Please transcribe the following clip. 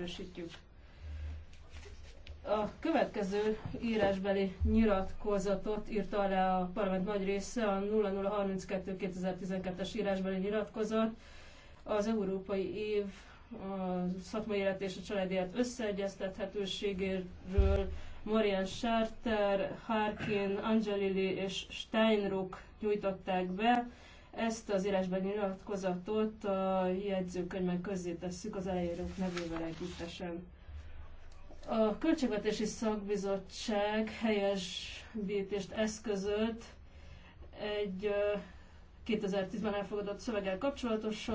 megerősítjük. A következő írásbeli nyilatkozatot írta alá a parlament nagy része, a 0032-2012-es írásbeli nyilatkozat, az európai év a szakmai élet és a családi élet összeegyeztethetőségéről Marian Sarter, Harkin, Angelili és Steinruck nyújtották be. Ezt az írásban nyilatkozatot a jegyzőkönyvben tesszük az elejérők nevével együttesen. A Költségvetési Szakbizottság helyesbítést eszközölt egy 2010-ben elfogadott szöveggel kapcsolatosan,